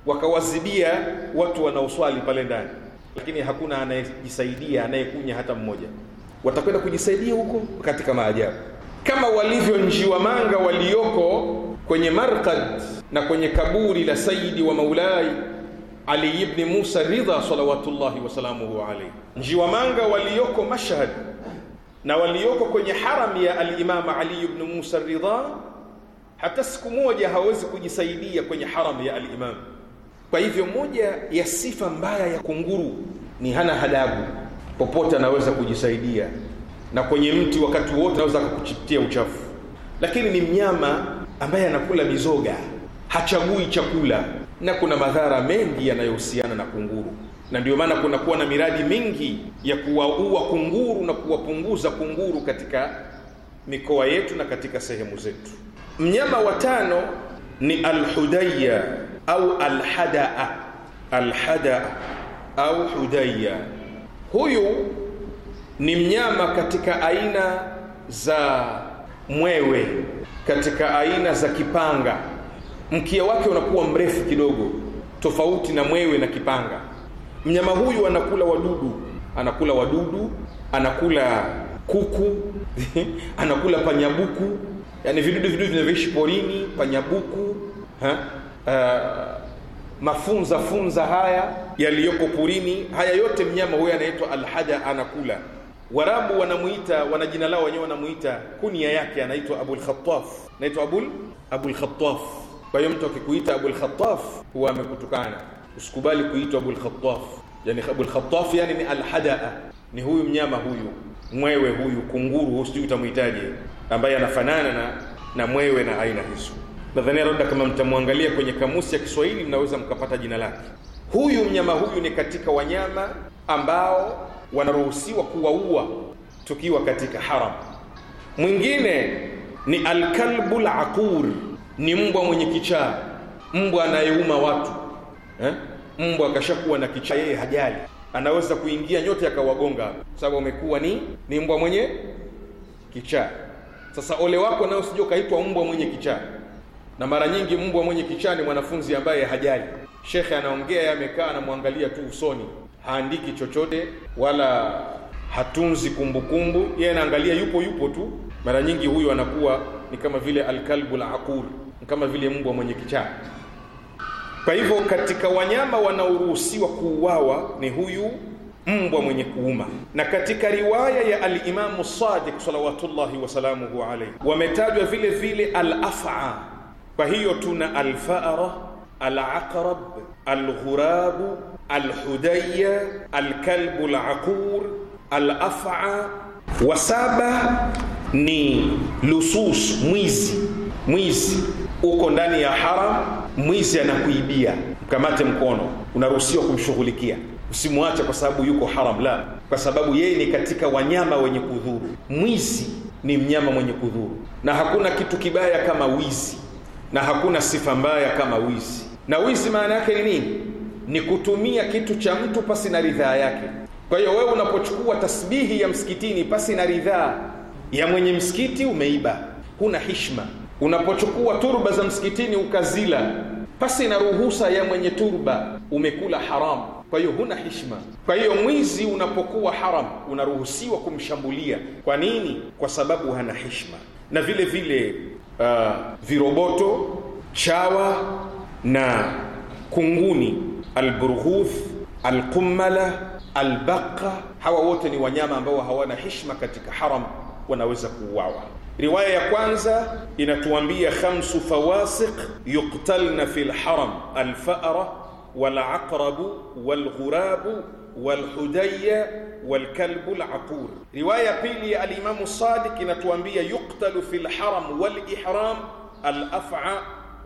wakawazibia watu wanaoswali pale ndani, lakini hakuna anayejisaidia anayekunya hata mmoja. Watakwenda kujisaidia huko katika maajabu, kama walivyo njiwa manga walioko kwenye marqad na kwenye kaburi la sayidi wa maulai ali ibn musa ridha salawatullahi wasalamuhu njiwa njiwamanga walioko mashhad na walioko kwenye haram ya alimama ali ibn musa ridha hata siku moja hawezi kujisaidia kwenye haram ya alimam kwa hivyo moja ya sifa mbaya ya kunguru ni hana hadabu popote anaweza kujisaidia na kwenye mti wakati wote anaweza kukuchitia uchafu lakini ni mnyama ambaye anakula mizoga hachagui chakula, na kuna madhara mengi yanayohusiana na kunguru, na ndiyo maana kunakuwa na miradi mingi ya kuwaua kunguru na kuwapunguza kunguru katika mikoa yetu na katika sehemu zetu. Mnyama wa tano ni alhudaya au alhadaa, alhadaa au hudaya. Huyu ni mnyama katika aina za mwewe katika aina za kipanga mkia wake unakuwa mrefu kidogo tofauti na mwewe na kipanga mnyama huyu anakula wadudu anakula wadudu anakula kuku anakula panyabuku yani vidudu vidudu vinavyoishi porini panyabuku ha? Uh, mafunza funza haya yaliyoko porini haya yote mnyama huyo anaitwa alhaja anakula Warabu wanamuita wana jina lao wenyewe, wanamuita kunia yake, anaitwa Abul Khattaf, anaitwa Abul Abul Khattaf. Kwa hiyo mtu akikuita Abul Khattaf huwa amekutukana. Usikubali kuitwa Abul Khattaf, yani Abul Khattaf yani ni alhadaa, ni huyu mnyama huyu, mwewe huyu, kunguru, sijui utamuitaje, ambaye anafanana na na mwewe na aina hizo. Nadhani labda kama mtamwangalia kwenye kamusi ya Kiswahili mnaweza mkapata jina lake. Huyu mnyama huyu ni katika wanyama ambao wanaruhusiwa kuwaua tukiwa katika haram. Mwingine ni alkalbu laqur, ni mbwa mwenye kichaa, mbwa anayeuma watu eh? Mbwa akashakuwa na kichaa, yeye hajali, anaweza kuingia nyote akawagonga, kwa sababu amekuwa ni ni mbwa mwenye kichaa. Sasa ole wako nao, sijui ukaitwa mbwa mwenye kichaa. Na mara nyingi mbwa mwenye kichaa ni mwanafunzi ambaye hajali. Shekhe anaongea, amekaa anamwangalia tu usoni haandiki chochote wala hatunzi kumbukumbu Yeye anaangalia yupo yupo tu. Mara nyingi huyu anakuwa ni kama vile alkalbu la aqur, ni kama vile mbwa mwenye kichaa. Kwa hivyo katika wanyama wanaoruhusiwa kuuawa ni huyu mbwa mwenye kuuma. Na katika riwaya ya Alimamu Sadiq salawatullahi wasalamuhu alaihi wametajwa vile vile alafa. Kwa hiyo tuna alfara, alaqrab, alghurabu alhudaya, alkalbu laqur, alafa. Wa saba ni lusus, mwizi. Mwizi uko ndani ya haram, mwizi anakuibia, mkamate mkono, unaruhusiwa kumshughulikia, usimwache kwa sababu yuko haram, la, kwa sababu yeye ni katika wanyama wenye kudhuru. Mwizi ni mnyama mwenye kudhuru, na hakuna kitu kibaya kama wizi, na hakuna sifa mbaya kama wizi. Na wizi maana yake ni nini? ni kutumia kitu cha mtu pasi na ridhaa yake. Kwa hiyo wewe unapochukua tasbihi ya msikitini pasi na ridhaa ya mwenye msikiti, umeiba, huna hishma. Unapochukua turba za msikitini ukazila pasi na ruhusa ya mwenye turba, umekula haramu. Kwa hiyo huna hishma. Kwa hiyo mwizi unapokuwa haram, unaruhusiwa kumshambulia. Kwa nini? Kwa sababu hana hishma. Na vile vile uh, viroboto, chawa na kunguni alburghuf, alqummala, albaqa. Hawa wote ni wanyama ambao hawana hishma katika haram, wanaweza kuuawa. Riwaya ya kwanza inatuambia khamsu fawasiq yuqtalna fi lharam alfara walaqrabu walghurabu walhudaya walkalbu laqur. Riwaya pili ya Alimamu Sadiq inatuambia yuktalu fi lharam walihram alafa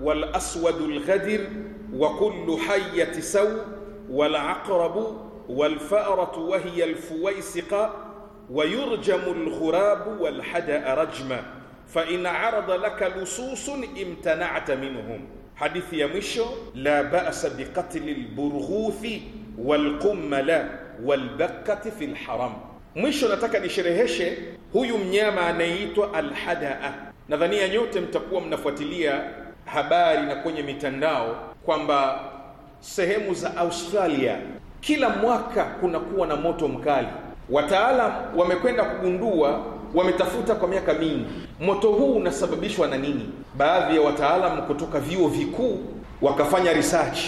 والأسود الغدر وكل حية سو والعقرب والفأرة وهي الفويسقة ويرجم الغراب والحدأ رجما فإن عرض لك لصوص امتنعت منهم حديث يا مشو لا بأس بقتل البرغوث والقمل والبكة في الحرم mwisho nataka nishereheshe huyu mnyama anayeitwa alhadaa nadhania nyote mtakuwa mnafuatilia habari na kwenye mitandao kwamba sehemu za Australia kila mwaka kunakuwa na moto mkali. Wataalam wamekwenda kugundua, wametafuta kwa miaka mingi, moto huu unasababishwa na nini. Baadhi ya wataalam kutoka vyuo vikuu wakafanya research,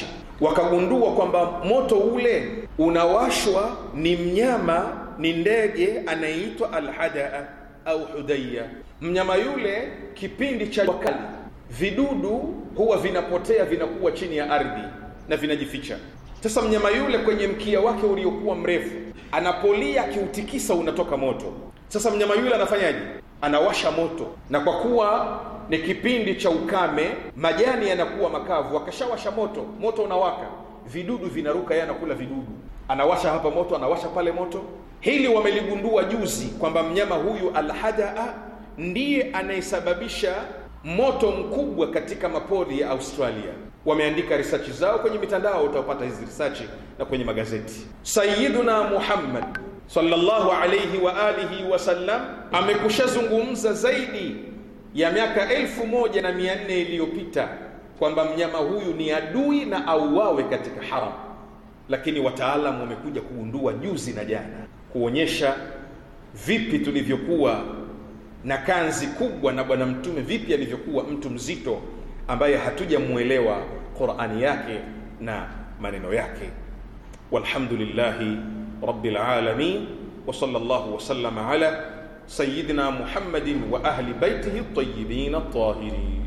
wakagundua kwamba moto ule unawashwa ni mnyama, ni ndege anayeitwa alhadaa au hudaya. Mnyama yule kipindi cha wakali vidudu huwa vinapotea vinakuwa chini ya ardhi na vinajificha sasa mnyama yule kwenye mkia wake uliokuwa mrefu anapolia akiutikisa unatoka moto sasa mnyama yule anafanyaje anawasha moto na kwa kuwa ni kipindi cha ukame majani yanakuwa makavu akashawasha moto moto unawaka vidudu vinaruka yeye anakula vidudu anawasha hapa moto anawasha pale moto hili wameligundua juzi kwamba mnyama huyu alhadaa ndiye anayesababisha moto mkubwa katika mapori ya Australia. Wameandika research zao kwenye mitandao, utapata hizi research na kwenye magazeti. Sayyiduna Muhammad sallallahu alayhi wa alihi sallam amekushazungumza zaidi ya miaka elfu moja na mia nne iliyopita kwamba mnyama huyu ni adui na auawe katika haram, lakini wataalamu wamekuja kugundua juzi na jana kuonyesha vipi tulivyokuwa na kanzi kubwa na bwana mtume vipi alivyokuwa mtu mzito ambaye hatujamuelewa qurani yake na maneno yake walhamdulillahi rabbil alamin wa sallallahu sallama ala sayyidina muhammadin wa ahli baitihi tayyibin tahirin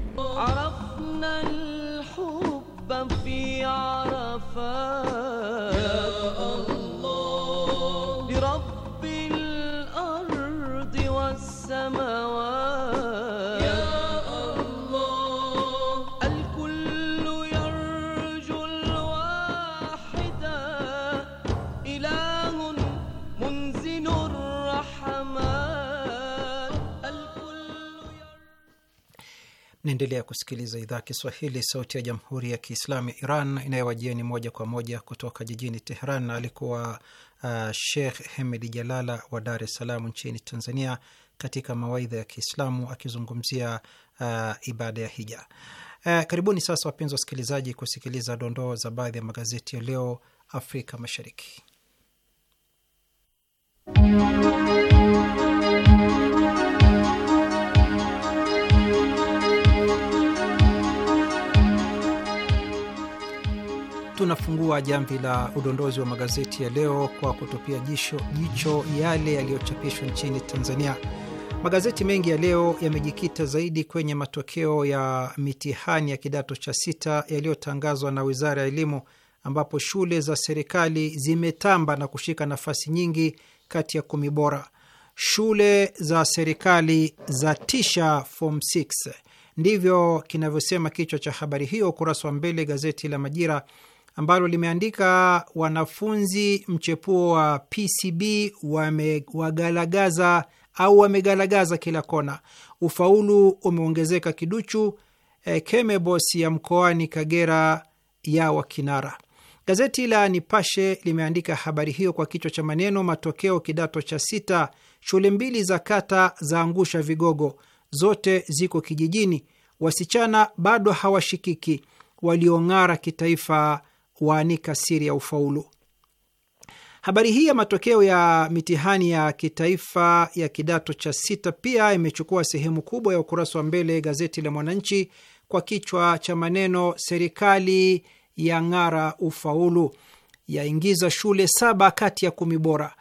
Naendelea kusikiliza idhaa Kiswahili sauti ya jamhuri ya kiislamu ya Iran inayowajieni moja kwa moja kutoka jijini Tehran. Alikuwa uh, Sheikh Hemedi Jalala wa Dar es Salaam nchini Tanzania katika mawaidha ya Kiislamu akizungumzia uh, ibada ya hija. Uh, karibuni sasa wapenzi wasikilizaji, kusikiliza dondoo za baadhi ya magazeti ya leo Afrika Mashariki. tunafungua jamvi la udondozi wa magazeti ya leo kwa kutupia jicho, jicho yale yaliyochapishwa nchini Tanzania. Magazeti mengi ya leo yamejikita zaidi kwenye matokeo ya mitihani ya kidato cha sita yaliyotangazwa na Wizara ya Elimu, ambapo shule za serikali zimetamba na kushika nafasi nyingi kati ya kumi bora. Shule za serikali za tisha form 6, ndivyo kinavyosema kichwa cha habari hiyo, ukurasa wa mbele gazeti la Majira ambalo limeandika wanafunzi mchepuo wa PCB wamewagalagaza au wamegalagaza kila kona, ufaulu umeongezeka kiduchu. E, eh, Kemebos ya mkoani Kagera ya wakinara. Gazeti la Nipashe limeandika habari hiyo kwa kichwa cha maneno, matokeo kidato cha sita, shule mbili za kata za angusha vigogo, zote ziko kijijini, wasichana bado hawashikiki, waliong'ara kitaifa waanika siri ya ufaulu. Habari hii ya matokeo ya mitihani ya kitaifa ya kidato cha sita pia imechukua sehemu kubwa ya ukurasa wa mbele gazeti la Mwananchi kwa kichwa cha maneno serikali ya ng'ara ufaulu, yaingiza shule saba kati ya kumi bora.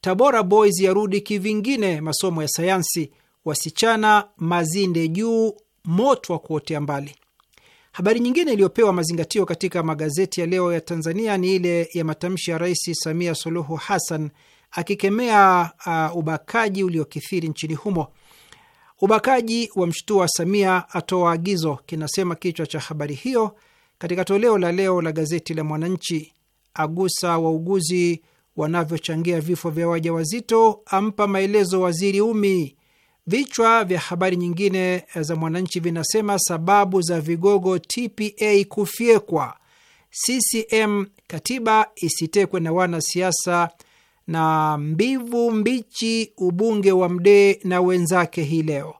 Tabora Boys yarudi kivingine masomo ya sayansi. Wasichana Mazinde juu moto wa kuotea mbali. Habari nyingine iliyopewa mazingatio katika magazeti ya leo ya Tanzania ni ile ya matamshi ya Rais Samia Suluhu Hassan akikemea uh, ubakaji uliokithiri nchini humo. Ubakaji wa mshtua Samia atoa agizo, kinasema kichwa cha habari hiyo katika toleo la leo la gazeti la Mwananchi. Agusa wauguzi wanavyochangia vifo vya wajawazito, ampa maelezo waziri Umi. Vichwa vya habari nyingine eh, za Mwananchi vinasema sababu za vigogo TPA kufyekwa, CCM katiba isitekwe na wanasiasa, na mbivu mbichi ubunge wa Mdee na wenzake hii leo.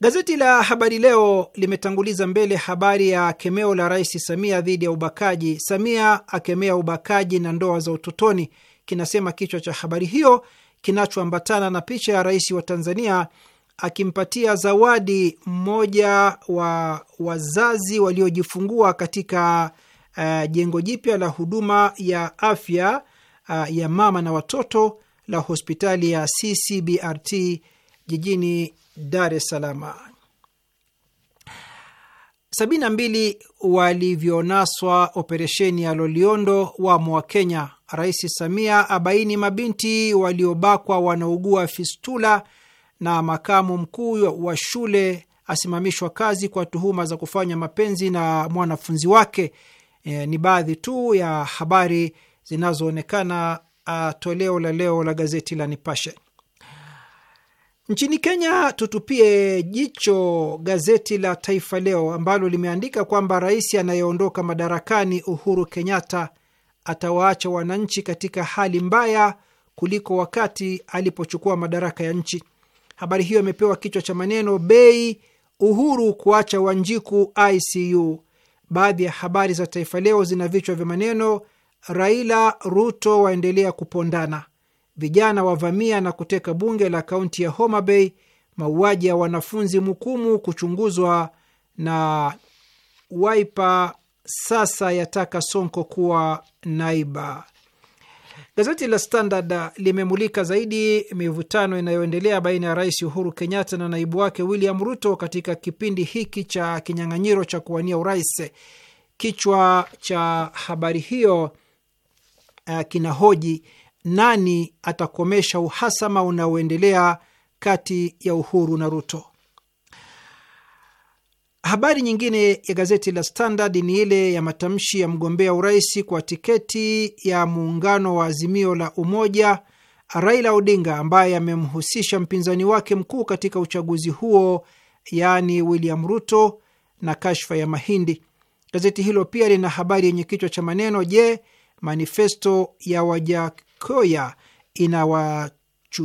Gazeti la Habari Leo limetanguliza mbele habari ya kemeo la Rais Samia dhidi ya ubakaji. Samia akemea ubakaji na ndoa za utotoni, kinasema kichwa cha habari hiyo kinachoambatana na picha ya rais wa Tanzania akimpatia zawadi mmoja wa wazazi waliojifungua katika uh, jengo jipya la huduma ya afya uh, ya mama na watoto la hospitali ya CCBRT jijini Dar es Salaam. Sabini na mbili walivyonaswa operesheni ya Loliondo wamo wa Kenya. Rais Samia abaini mabinti waliobakwa wanaugua fistula, na makamu mkuu wa shule asimamishwa kazi kwa tuhuma za kufanya mapenzi na mwanafunzi wake. E, ni baadhi tu ya habari zinazoonekana toleo la leo la gazeti la Nipashe. Nchini Kenya, tutupie jicho gazeti la Taifa Leo ambalo limeandika kwamba rais anayeondoka madarakani Uhuru Kenyatta atawaacha wananchi katika hali mbaya kuliko wakati alipochukua madaraka ya nchi. Habari hiyo imepewa kichwa cha maneno bei Uhuru kuacha Wanjiku ICU. Baadhi ya habari za Taifa Leo zina vichwa vya maneno Raila Ruto waendelea kupondana, vijana wavamia na kuteka bunge la kaunti ya Homa Bay, mauaji ya wanafunzi Mukumu kuchunguzwa, na Waipa sasa yataka Sonko kuwa naiba. Gazeti la Standard limemulika zaidi mivutano inayoendelea baina ya Rais Uhuru Kenyatta na naibu wake William Ruto katika kipindi hiki cha kinyang'anyiro cha kuwania urais. Kichwa cha habari hiyo uh, kinahoji nani atakomesha uhasama unaoendelea kati ya Uhuru na Ruto? Habari nyingine ya gazeti la Standard ni ile ya matamshi ya mgombea urais kwa tiketi ya muungano wa Azimio la Umoja, Raila Odinga, ambaye amemhusisha mpinzani wake mkuu katika uchaguzi huo, yaani William Ruto, na kashfa ya mahindi. Gazeti hilo pia lina habari yenye kichwa cha maneno, Je, manifesto ya waja Koya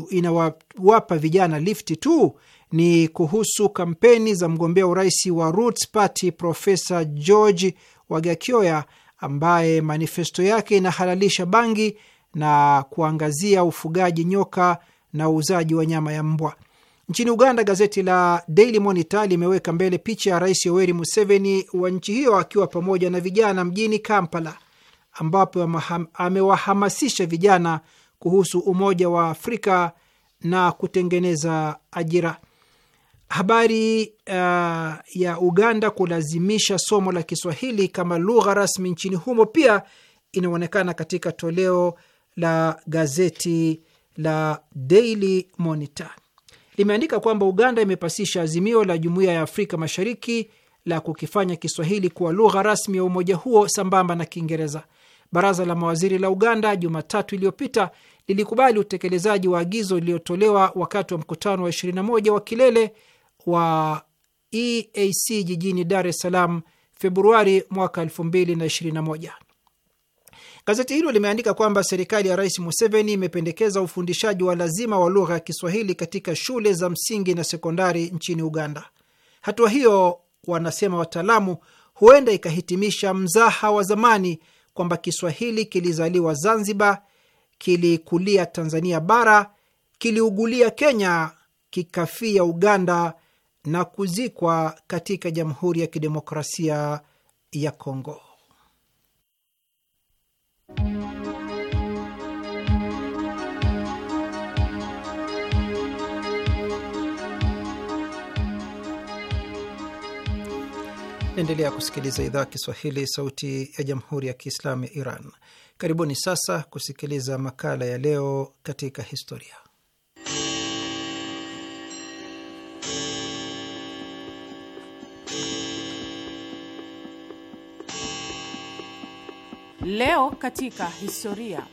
inawapa vijana lifti tu ni kuhusu kampeni za mgombea urais wa Roots Party Profesa George Wagakioya ambaye manifesto yake inahalalisha bangi na kuangazia ufugaji nyoka na uuzaji wa nyama ya mbwa. Nchini Uganda, gazeti la Daily Monitor limeweka mbele picha ya Rais Yoweri Museveni wa nchi hiyo akiwa pamoja na vijana mjini Kampala ambapo amewahamasisha vijana kuhusu umoja wa Afrika na kutengeneza ajira. Habari uh, ya Uganda kulazimisha somo la Kiswahili kama lugha rasmi nchini humo pia inaonekana katika toleo la gazeti la Daily Monitor. Limeandika kwamba Uganda imepasisha azimio la Jumuiya ya Afrika Mashariki la kukifanya Kiswahili kuwa lugha rasmi ya umoja huo sambamba na Kiingereza. Baraza la mawaziri la Uganda Jumatatu iliyopita lilikubali utekelezaji wa agizo lililotolewa wakati wa mkutano wa 21 wa kilele wa EAC jijini Dar es Salaam Februari mwaka 2021. Gazeti hilo limeandika kwamba serikali ya Rais Museveni imependekeza ufundishaji wa lazima wa lugha ya Kiswahili katika shule za msingi na sekondari nchini Uganda. Hatua hiyo, wanasema wataalamu, huenda ikahitimisha mzaha wa zamani kwamba Kiswahili kilizaliwa Zanzibar, kilikulia Tanzania bara, kiliugulia Kenya, kikafia Uganda na kuzikwa katika Jamhuri ya Kidemokrasia ya Kongo. Naendelea kusikiliza idhaa ya Kiswahili, sauti ya jamhuri ya kiislamu ya Iran. Karibuni sasa kusikiliza makala ya leo katika historia. Leo katika historia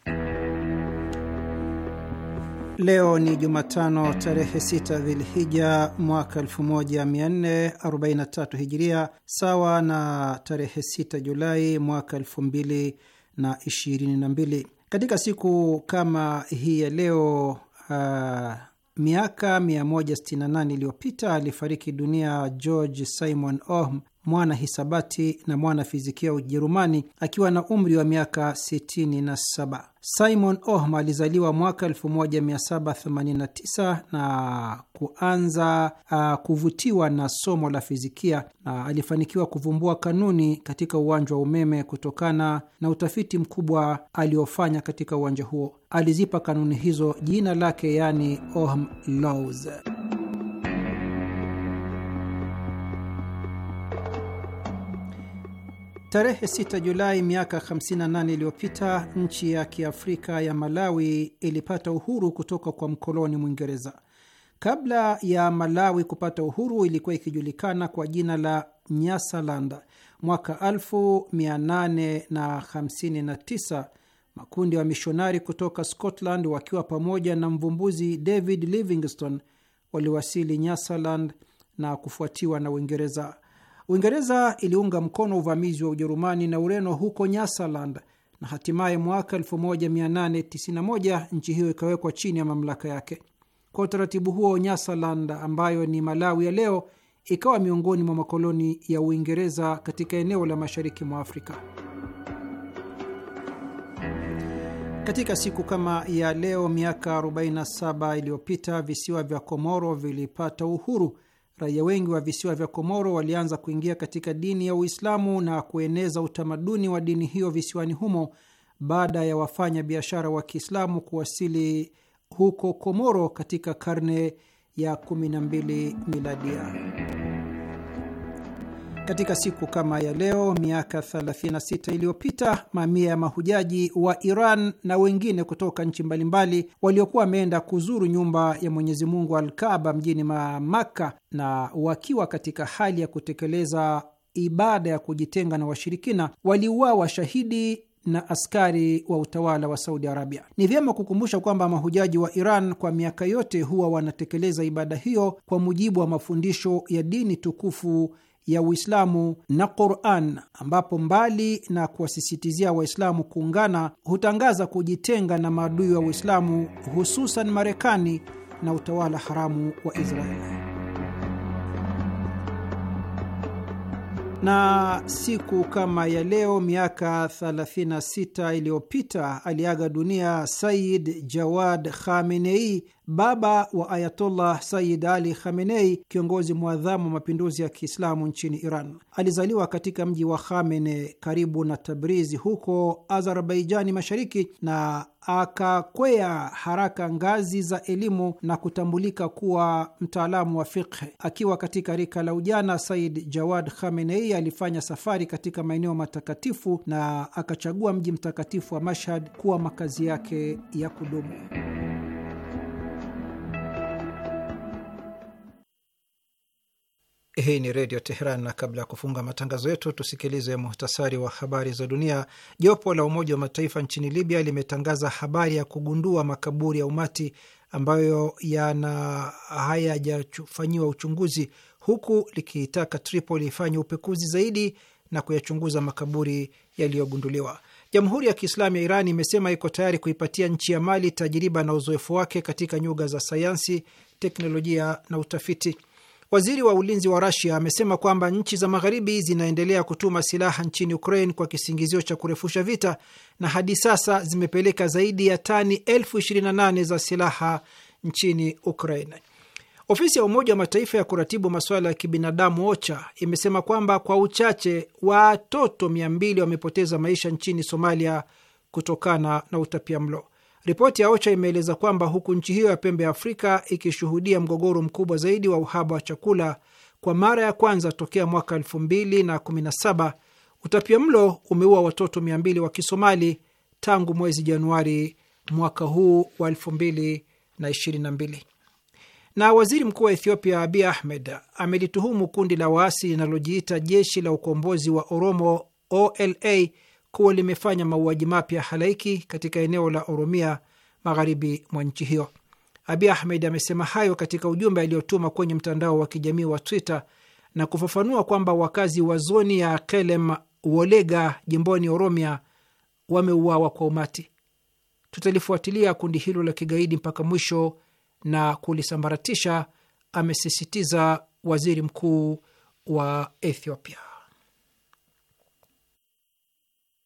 Leo ni Jumatano, tarehe 6 Dhilhija mwaka 1443 Hijiria, sawa na tarehe 6 Julai mwaka 2022. Katika siku kama hii ya leo uh, miaka 168 iliyopita alifariki dunia George Simon Ohm, mwana hisabati na mwana fizikia Ujerumani akiwa na umri wa miaka 67. Simon Ohm alizaliwa mwaka 1789 na kuanza uh, kuvutiwa na somo la fizikia na alifanikiwa kuvumbua kanuni katika uwanja wa umeme kutokana na utafiti mkubwa aliofanya katika uwanja huo. Alizipa kanuni hizo jina lake, yaani Ohm laws. Tarehe 6 Julai miaka 58 iliyopita nchi ya kiafrika ya Malawi ilipata uhuru kutoka kwa mkoloni Mwingereza. Kabla ya Malawi kupata uhuru, ilikuwa ikijulikana kwa jina la Nyasaland. Mwaka 1859 makundi ya wa mishonari kutoka Scotland wakiwa pamoja na mvumbuzi David Livingstone waliwasili Nyasaland na kufuatiwa na Uingereza. Uingereza iliunga mkono uvamizi wa Ujerumani na Ureno huko Nyasaland na hatimaye mwaka 1891 nchi hiyo ikawekwa chini ya mamlaka yake. Kwa utaratibu huo, Nyasaland ambayo ni Malawi ya leo ikawa miongoni mwa makoloni ya Uingereza katika eneo la mashariki mwa Afrika. Katika siku kama ya leo miaka 47 iliyopita visiwa vya Komoro vilipata uhuru raia wengi wa visiwa vya Komoro walianza kuingia katika dini ya Uislamu na kueneza utamaduni wa dini hiyo visiwani humo baada ya wafanya biashara wa Kiislamu kuwasili huko Komoro katika karne ya 12 miladia. Katika siku kama ya leo miaka 36 iliyopita mamia ya mahujaji wa Iran na wengine kutoka nchi mbalimbali waliokuwa wameenda kuzuru nyumba ya Mwenyezi Mungu alkaba mjini Makka na wakiwa katika hali ya kutekeleza ibada ya kujitenga na washirikina waliuawa shahidi na askari wa utawala wa Saudi Arabia. Ni vyema kukumbusha kwamba mahujaji wa Iran kwa miaka yote huwa wanatekeleza ibada hiyo kwa mujibu wa mafundisho ya dini tukufu ya Uislamu na Quran, ambapo mbali na kuwasisitizia Waislamu kuungana, hutangaza kujitenga na maadui wa Uislamu, hususan Marekani na utawala haramu wa Israeli. na siku kama ya leo miaka 36 iliyopita aliaga dunia Said Jawad Khamenei, baba wa Ayatollah Sayyid Ali Khamenei, kiongozi mwadhamu wa mapinduzi ya Kiislamu nchini Iran. Alizaliwa katika mji wa Khamene karibu na Tabrizi huko Azerbaijani Mashariki na akakwea haraka ngazi za elimu na kutambulika kuwa mtaalamu wa fikhe Akiwa katika rika la ujana, Said Jawad Khamenei alifanya safari katika maeneo matakatifu na akachagua mji mtakatifu wa Mashhad kuwa makazi yake ya kudumu. Hii ni Redio Teheran, na kabla ya kufunga matangazo yetu tusikilize muhtasari wa habari za dunia. Jopo la Umoja wa Mataifa nchini Libya limetangaza habari ya kugundua makaburi ya umati ambayo yana hayajafanyiwa uchunguzi, huku likiitaka Tripoli ifanye upekuzi zaidi na kuyachunguza makaburi yaliyogunduliwa. Jamhuri ya Kiislamu ya Iran imesema iko tayari kuipatia nchi ya Mali tajiriba na uzoefu wake katika nyuga za sayansi, teknolojia na utafiti. Waziri wa ulinzi wa Rasia amesema kwamba nchi za magharibi zinaendelea kutuma silaha nchini Ukraine kwa kisingizio cha kurefusha vita na hadi sasa zimepeleka zaidi ya tani elfu 28 za silaha nchini Ukraine. Ofisi ya Umoja wa Mataifa ya kuratibu masuala ya kibinadamu OCHA imesema kwamba kwa uchache watoto 200 wamepoteza maisha nchini Somalia kutokana na utapia mlo. Ripoti ya OCHA imeeleza kwamba huku nchi hiyo ya pembe ya Afrika ikishuhudia mgogoro mkubwa zaidi wa uhaba wa chakula kwa mara ya kwanza tokea mwaka 2017 utapia mlo umeua watoto 200 wa Kisomali tangu mwezi Januari mwaka huu wa 2022. Na waziri mkuu wa Ethiopia Abiy Ahmed amelituhumu kundi la waasi linalojiita jeshi la ukombozi wa Oromo OLA kuwa limefanya mauaji mapya halaiki katika eneo la Oromia, magharibi mwa nchi hiyo. Abi Ahmed amesema hayo katika ujumbe aliyotuma kwenye mtandao wa kijamii wa Twitter na kufafanua kwamba wakazi wa zoni ya Kelem Wolega jimboni Oromia wameuawa kwa umati. Tutalifuatilia kundi hilo la kigaidi mpaka mwisho na kulisambaratisha, amesisitiza waziri mkuu wa Ethiopia.